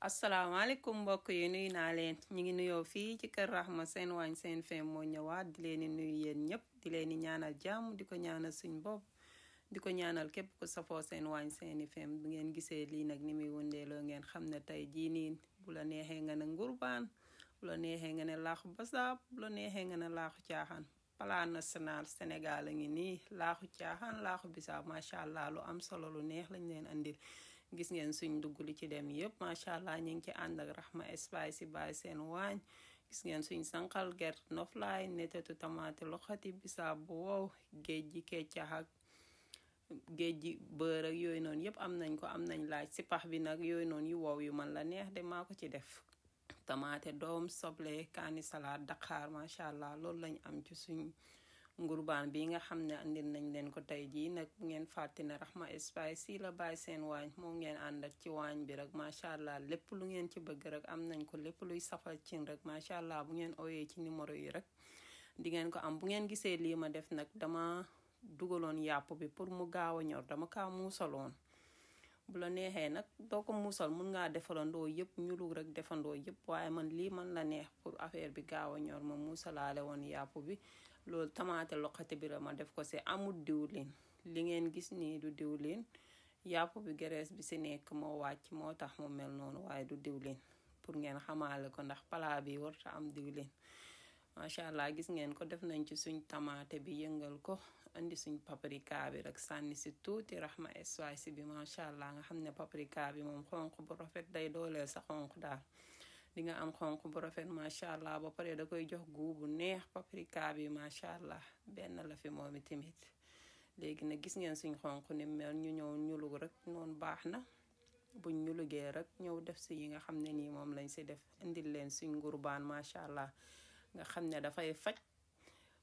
asalaamaaleykum mbokk yi nuyu naa leen ñu ngi nuyoo fii ci kër Rahma seen waañ seen feem moo ñëwaat di leen nuyu yéen ñëpp di leen di ñaanal jàmm di ko ñaanal suñ bopp di ko ñaanal képp ko safoo seen waañ seeni feem bu ngeen gisee lii nag ni muy wëndeeloo ngeen xam ne tey jii nii bu la neexee nga ne ngurbaan bu la neexee nga ne laaxu basaab bu la neexee nga ne laaxu caaxaan plan national Sénégal a ngi nii laaxu caaxaan laaxu bisaab macha allah lu am solo lu neex lañ leen andil gis ngeen suñ dugg li ci dem yëpp macha allah ñu ngi ci ànd ak Rahma Spices by seen waañ gis ngeen suñ sanqal gerte noflaay netetu tamaate loxoti bisaab bu wow géej gi géej gi bër ak yooyu noonu yëpp am nañ ko am nañ laaj si bi nag yooyu noonu yi wow yu man la neex de maa ko ci def tamaate doom soble kaani salaat daqaar macha allah loolu lañ am ci suñ ngurbaan bi nga xam ne andil nañ leen ko tey jii nag bu ngeen fàtte ne Rahma Spices la bàyyi seen waañ moom ngeen ànd ak ci waañ bi rek macha allah lépp lu ngeen ci bëgg rek am nañ ko lépp luy safal cin rek macha allah bu ngeen ooyee ci numéro yi rek di ngeen ko am bu ngeen gisee lii ma def nag dama dugaloon yàpp bi pour mu gaaw a ñor dama kaa muusaloon bu la neexee nag doo ko muusal mun ngaa defarandoo yëpp ñulug rek defandoo yëpp waaye man lii man la neex affaire bi gaaw a ñor ma muusalaale woon yàpp bi loolu tamaate loqati bi la ma def ko si amul diwlin li ngeen gis nii du diwlin yàpp bi graisse bi si nekk moo wàcc moo tax mu mel noonu waaye du diwlin pour ngeen xamaale ko ndax pala bi warta am diwlin macha allah gis ngeen ko def nañ ci suñ tamaate bi yëngal ko indi suñ paprika bi rek sànni si tuuti raxma espace bi macha allah nga xam ne paprika bi moom xonq bu rafet day dooleel sa xonq daal di nga am xonq bu rafet macha allah ba pare da koy jox guu bu neex paprika bi macha allah benn lafi fi moom tamit léegi nag gis ngeen suñ xonq ni mel ñu ñëw ñulug rek noonu baax na buñ ñulugee rek ñëw def si yi nga xam ne nii moom lañ si def indil leen suñ ngurbaan macha allah nga xam ne dafay faj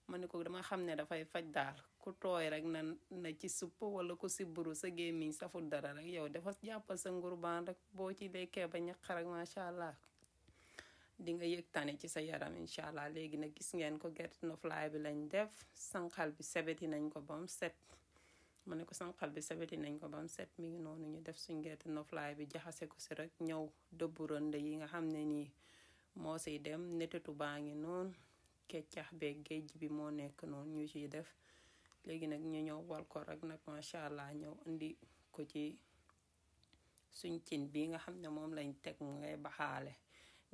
ma ne ko dama xam ne dafay faj daal ku tooy rek na na ci supp wala ku sibbiru sa gémmiñ safut dara rek yow dafa jàppal sa ngurbaan rek boo ci lekkee ba ñaq rek macha allah di nga yëg tane ci sa yaram incha allah léegi nag gis ngeen ko gerte noflaay bi lañ def sànqal bi sebeti nañ ko bam set mu ne ko sànqal bi sebeti nañ ko bam set mi ngi noonu ñu def suñ gerte noflaay bi jaxase ko si rek ñëw dëbbu rënd yi nga xam ne nii moo siy dem netetu baa ngi noonu keccax beeg géej bi moo nekk noonu ñu ciy def léegi nag ñu ñëw wal ko rek nag macha allah ñëw indi ko ci suñ cin bi nga xam ne moom lañ teg mu ngay baxaale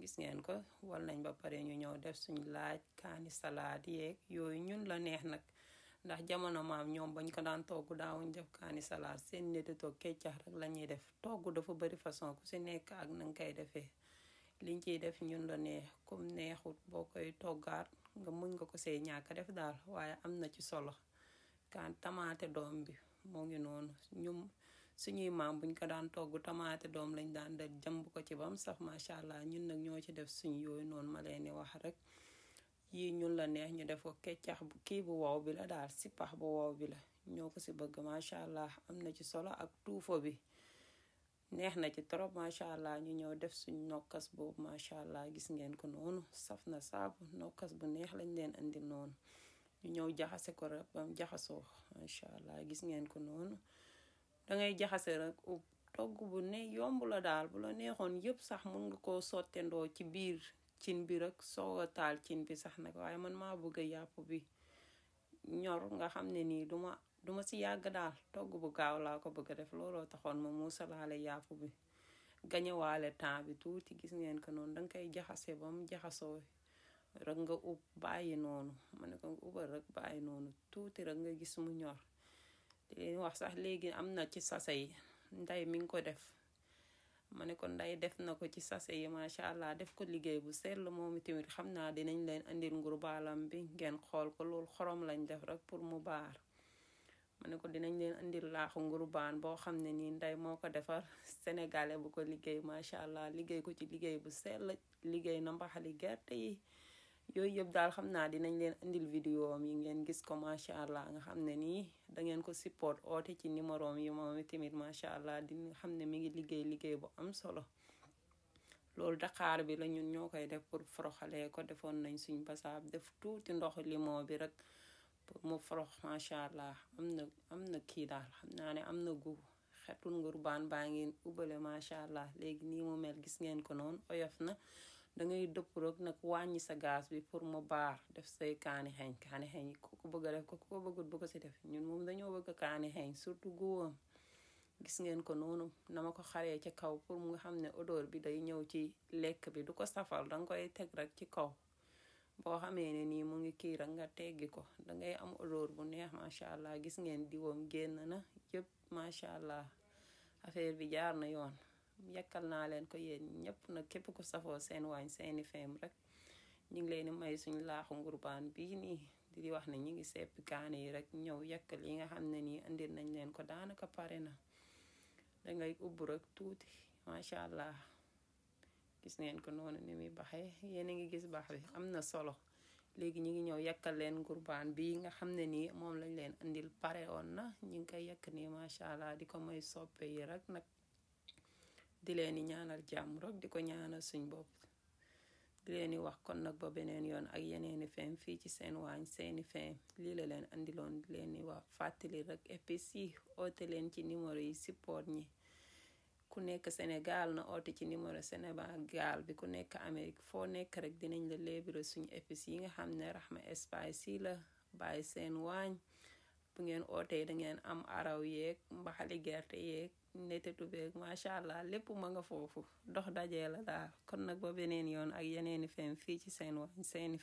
gis ngeen ko wal nañ ba pare ñu ñëw def suñ laaj kaani salaad yeeg yooyu ñun la neex nag ndax jamono maam ñoom bañ ko daan togg daawuñ def kaani salaad seen neti toog keccax rek la ñuy def togg dafa bari façon ku si nekk ak na nga koy defee liñ ciy def ñun la neex comme neexut boo koy toggaat nga mën nga ko see ñàkk def daal waaye am na ci solo kan tamaate doom bi moo ngi noonu ñum suñuy maam buñ ko daan togg tamaate doom lañ daan def jëmb ko ci bam sax macha allah ñun nag ñoo ci def suñ yooyu noonu ma leen di wax rek yii ñun la neex ñu def ko keccax kii bu wow bi la daal si bu wow bi la ñoo ko si bëgg macha allah am na ci solo ak tuufo bi neex na ci trop macha allah ñu ñëw def suñ nokkas boobu macha allah gis ngeen ko noonu saf na saabu nokkas bu neex lañ leen indi noonu ñu ñëw jaxase ko rek jaxasoo macha allah gis ngeen ko noonu dangay jaxase rek togg bu ne yomb daal bu la neexoon yépp sax mun nga koo sottendoo ci biir cin bi rek soo a taal cin bi sax nag waaye man maa bëgg yàpp bi ñor nga xam ne nii duma duma si yàgg daal togg bu gaaw laa ko bëgg a def looloo taxoon ma muusalaale yàpp bi gañewaale temps bi tuuti gis ngeen ko noonu danga koy jaxase ba mu jaxasoo rek nga ub bàyyi noonu ma ne ko nga ubal rek bàyyi noonu tuuti rek nga gis mu ñor li eh, wax sax léegi am na ci sase yi nday mi ngi ko def ma ne ko nday def na ko ci sase yi macha allah def ko liggéey bu seetlu moom tamit xam naa dinañ leen indil nguru baalam bi ngeen xool ko loolu xorom lañ def rek pour mu baar ma ne ko dinañ leen indil laaxu nguru baan boo xam ne nii nday moo ko defar sénégalais bu ko liggéey macha allah liggéey ko ci liggéey bu sell liggéey na mbaxali gerte yi yooyu yëpp daal xam naa dinañ leen indil vidéo am ngeen gis ko macha allah nga xam ne nii dangeen ko support oote ci numéro yi moom tamit macha allah di xam ne mi ngi liggéey liggéey bu am solo. loolu daqaar bi la ñun ñoo koy def pour foroxalee ko defoon nañ suñ basaab def tuuti ndox limon bi rek pour mu forox macha allah am na am na kii daal xam naa ne am na gu xetul ngurbaan baa ngeen ubbale macha allah léegi nii mu mel gis ngeen ko noonu oyof na. da ngay dëpp rek nag wàññi sa gaz bi pour mu baar def say kaani xeeñ kaani xeeñ ko bëgg rek ko ku ko bëggut bëgg si def ñun moom dañoo bëgg kaani xeeñ surtout góoram gis ngeen ko noonu na ma ko xaree ci kaw pour mu nga xam ne odeur bi day ñëw ci lekk bi du ko safal danga koy teg rek ci kaw boo xamee ne nii mu ngi kii rek nga teggi ko dangay am odeur bu neex macha allah gis ngeen diwoom génn na yëpp macha allah affaire bi jaar na yoon. yekkal naa leen ko yéen ñëpp nag képp ku safoo seen waañ seeni feem rek ñu ngi leen di may suñ laaxu ngurbaan bii nii di wax ne ñu ngi seppi kaane yi rek ñëw yekkal yi nga xam ne nii indil nañ leen ko daanaka pare na dangay ubb rek tuuti macha allah gis ngeen ko noonu ni muy baxee yéen a ngi gis baax bi am na solo léegi ñu ngi ñëw yekkal leen ngurbaan bii nga xam ne nii moom lañ leen indil pare woon na ñu ngi koy yekk nii macha allah di ko may soppe yi rek nag di leen di ñaanal jàmm rek di ko ñaanal suñ bopp di leen di wax kon nag ba beneen yoon ak yeneeni feem fii ci seen waañ seeni feem lii la leen andiloon di leen di wax fàttali rek EPS yi oote leen ci numéro yi support ñi ku nekk Sénégal na oote ci numéro Sénégal bi ku nekk Amérique foo nekk rek dinañ la léebira suñu EPS yi nga xam ne Rahma Espace yi la bàyyi seen waañ bu ngeen ootee da ngeen am araw yeeg mbaxali gerte yeeg nete tubeeg macha allah lépp ma nga foofu dox dajee la daal kon nag ba beneen yoon ak yeneeni feem fii ci seen waañ seeni feem